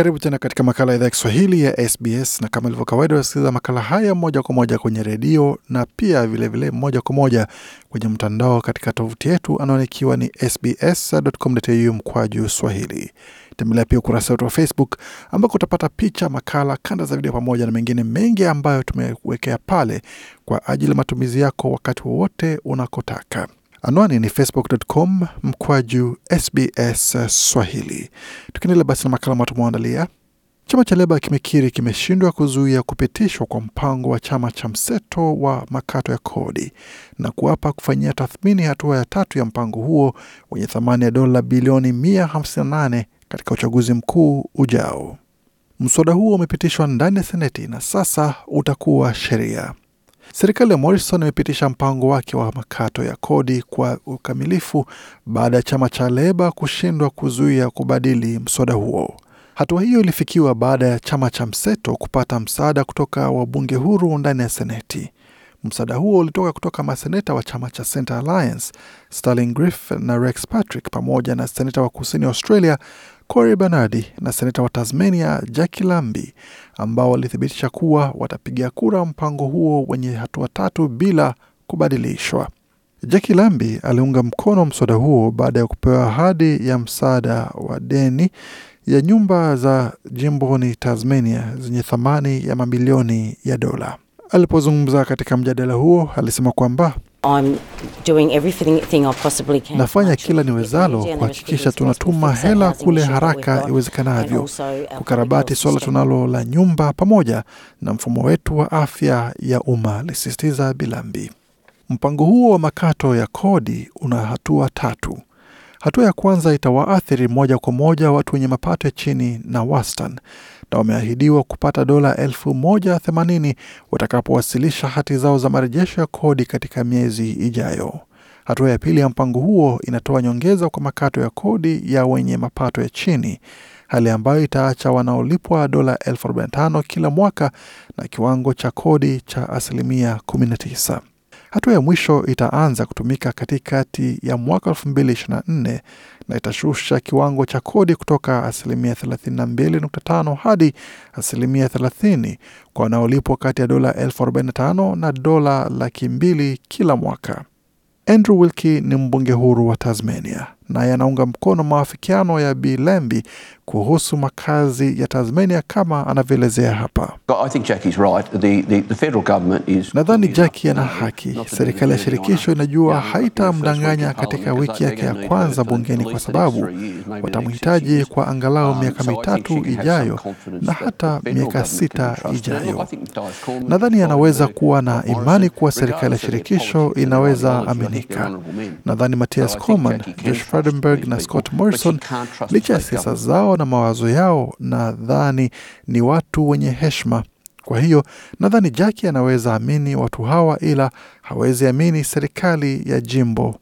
Karibu tena katika makala ya idhaa ya Kiswahili ya SBS, na kama ilivyo kawaida, wasikiliza makala haya moja kwa moja kwenye redio na pia vilevile vile moja kwa moja kwenye mtandao katika tovuti yetu anaonekiwa ni sbs.com.au mkwaju swahili. Tembelea pia ukurasa wetu wa Facebook ambako utapata picha, makala, kanda za video pamoja na mengine mengi ambayo tumewekea pale kwa ajili ya matumizi yako wakati wowote unakotaka. Anwani ni facebook.com mkwaju SBS Swahili. Tukiendelea basi na makala ambayo tumeandalia, chama cha Leba kimekiri kimeshindwa kuzuia kupitishwa kwa mpango wa chama cha mseto wa makato ya kodi na kuapa kufanyia tathmini hatua ya tatu ya mpango huo wenye thamani ya dola bilioni 158 katika uchaguzi mkuu ujao. Mswada huo umepitishwa ndani ya seneti na sasa utakuwa sheria. Serikali ya Morrison imepitisha mpango wake wa makato ya kodi kwa ukamilifu baada ya chama cha Leba kushindwa kuzuia kubadili mswada huo. Hatua hiyo ilifikiwa baada ya chama cha mseto kupata msaada kutoka wabunge huru ndani ya Seneti. Msaada huo ulitoka kutoka maseneta wa chama cha Center Alliance, Sterling na Rex Patrick, pamoja na seneta wa kusini Australia Cory Bernadi na seneta wa Tasmania Jaki Lambi ambao walithibitisha kuwa watapiga kura mpango huo wenye hatua tatu bila kubadilishwa. Jaki Lambi aliunga mkono mswada huo baada ya kupewa ahadi ya msaada wa deni ya nyumba za jimboni Tasmania zenye thamani ya mabilioni ya dola. Alipozungumza katika mjadala huo, alisema kwamba I'm doing everything I possibly can. Nafanya kila niwezalo kuhakikisha tunatuma hela kule haraka iwezekanavyo uh, kukarabati swala tunalo la nyumba pamoja na mfumo wetu wa afya ya umma, lisisitiza Bilambi. Mpango huo wa makato ya kodi una hatua tatu. Hatua ya kwanza itawaathiri moja kwa moja watu wenye mapato ya chini na wastani na wameahidiwa kupata dola elfu moja themanini watakapowasilisha hati zao za marejesho ya kodi katika miezi ijayo. Hatua ya pili ya mpango huo inatoa nyongeza kwa makato ya kodi ya wenye mapato ya chini, hali ambayo itaacha wanaolipwa dola 45 kila mwaka na kiwango cha kodi cha asilimia 19. Hatua ya mwisho itaanza kutumika katikati ya mwaka 2024 na itashusha kiwango cha kodi kutoka asilimia 32.5 hadi asilimia 30 kwa wanaolipwa kati ya dola 45 na dola laki mbili kila mwaka. Andrew Wilkie ni mbunge huru wa Tasmania na yanaunga mkono maafikiano ya Bi kuhusu makazi ya Tasmania kama anavyoelezea hapa. Nadhani jaki ana haki. Serikali ya shirikisho inajua haitamdanganya katika wiki yake ya kwanza bungeni, kwa sababu watamhitaji kwa angalau um, miaka mitatu ijayo na hata miaka sita ijayo. Nadhani anaweza kuwa na imani kuwa serikali ya shirikisho inaweza aminika. Nadhani Mathias Coman, Josh Frydenberg na Scott Morrison, licha ya siasa zao na mawazo yao, nadhani ni watu wenye heshima. Kwa hiyo nadhani Jaki anaweza amini watu hawa, ila hawezi amini serikali ya jimbo.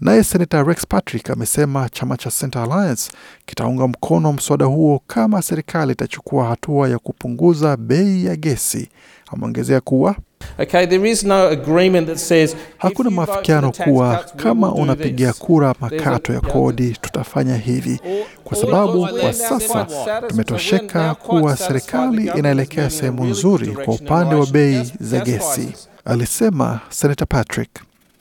Naye senata Rex Patrick amesema chama cha Center Alliance kitaunga mkono mswada huo kama serikali itachukua hatua ya kupunguza bei ya gesi. Ameongezea kuwa Okay, there is no agreement that says, hakuna mafikiano kuwa kama unapiga kura makato ya kodi tutafanya hivi, kwa sababu kwa sasa tumetosheka kuwa serikali inaelekea sehemu nzuri kwa upande wa bei za gesi, alisema Senata Patrick.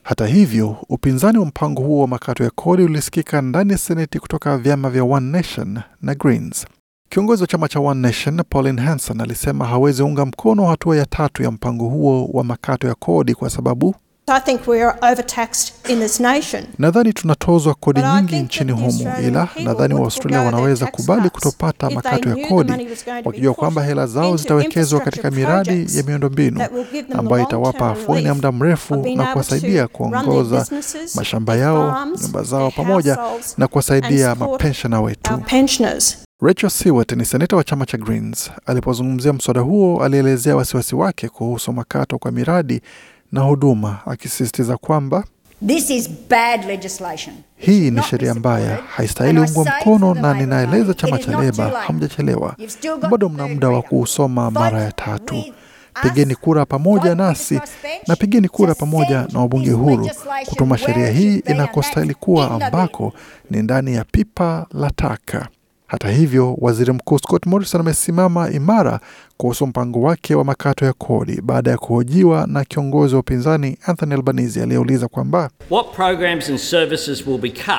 Hata hivyo, upinzani wa mpango huo wa makato ya kodi ulisikika ndani ya seneti kutoka vyama vya One Nation na Greens. Kiongozi wa chama cha One Nation Pauline Hanson alisema hawezi unga mkono hatua ya tatu ya mpango huo wa makato ya kodi kwa sababu nadhani tunatozwa kodi nyingi nchini humu ila nadhani Waaustralia wanaweza kubali kutopata makato ya kodi wakijua kwamba hela zao zitawekezwa katika miradi ya miundombinu ambayo itawapa afueni ya muda mrefu na kuwasaidia kuongoza mashamba yao, nyumba zao, pamoja na kuwasaidia mapenshana wetu. Rachel Siwat ni seneta wa chama cha Greens. Alipozungumzia mswada huo, alielezea wasiwasi wake kuhusu makato kwa miradi na huduma, akisisitiza kwamba This is bad legislation. Hii ni sheria mbaya, haistahili ungwa mkono, na ninaeleza chama cha Leba, hamjachelewa, bado mna muda wa kuusoma mara ya tatu. Pigeni kura pamoja nasi na pigeni kura pamoja na wabunge huru kutuma sheria hii inakostahili kuwa, ambako ni ndani ya pipa la taka. Hata hivyo, waziri mkuu Scott Morrison amesimama imara kuhusu mpango wake wa makato ya kodi baada ya kuhojiwa na kiongozi wa upinzani Anthony Albanese aliyeuliza kwamba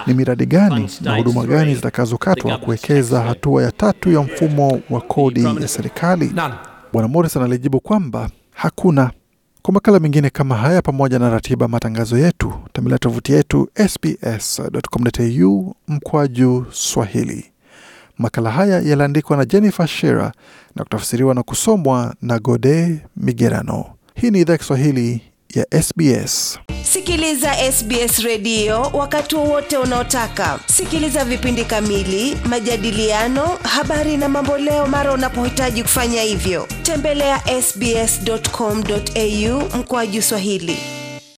ni miradi gani na huduma gani zitakazokatwa kuwekeza hatua ya tatu ya mfumo wa kodi ya serikali. Bwana Morrison alijibu kwamba hakuna. Kwa makala mengine kama haya pamoja na ratiba matangazo yetu tembelea tovuti yetu sbs.com.au mkwaju Swahili. Makala haya yaliandikwa na Jennifer Shera na kutafsiriwa na kusomwa na Gode Migerano. Hii ni idhaa Kiswahili ya SBS. Sikiliza SBS redio wakati wowote unaotaka. Sikiliza vipindi kamili, majadiliano, habari na mamboleo mara unapohitaji kufanya hivyo. Tembelea ya sbs.com.au mkoaju Swahili.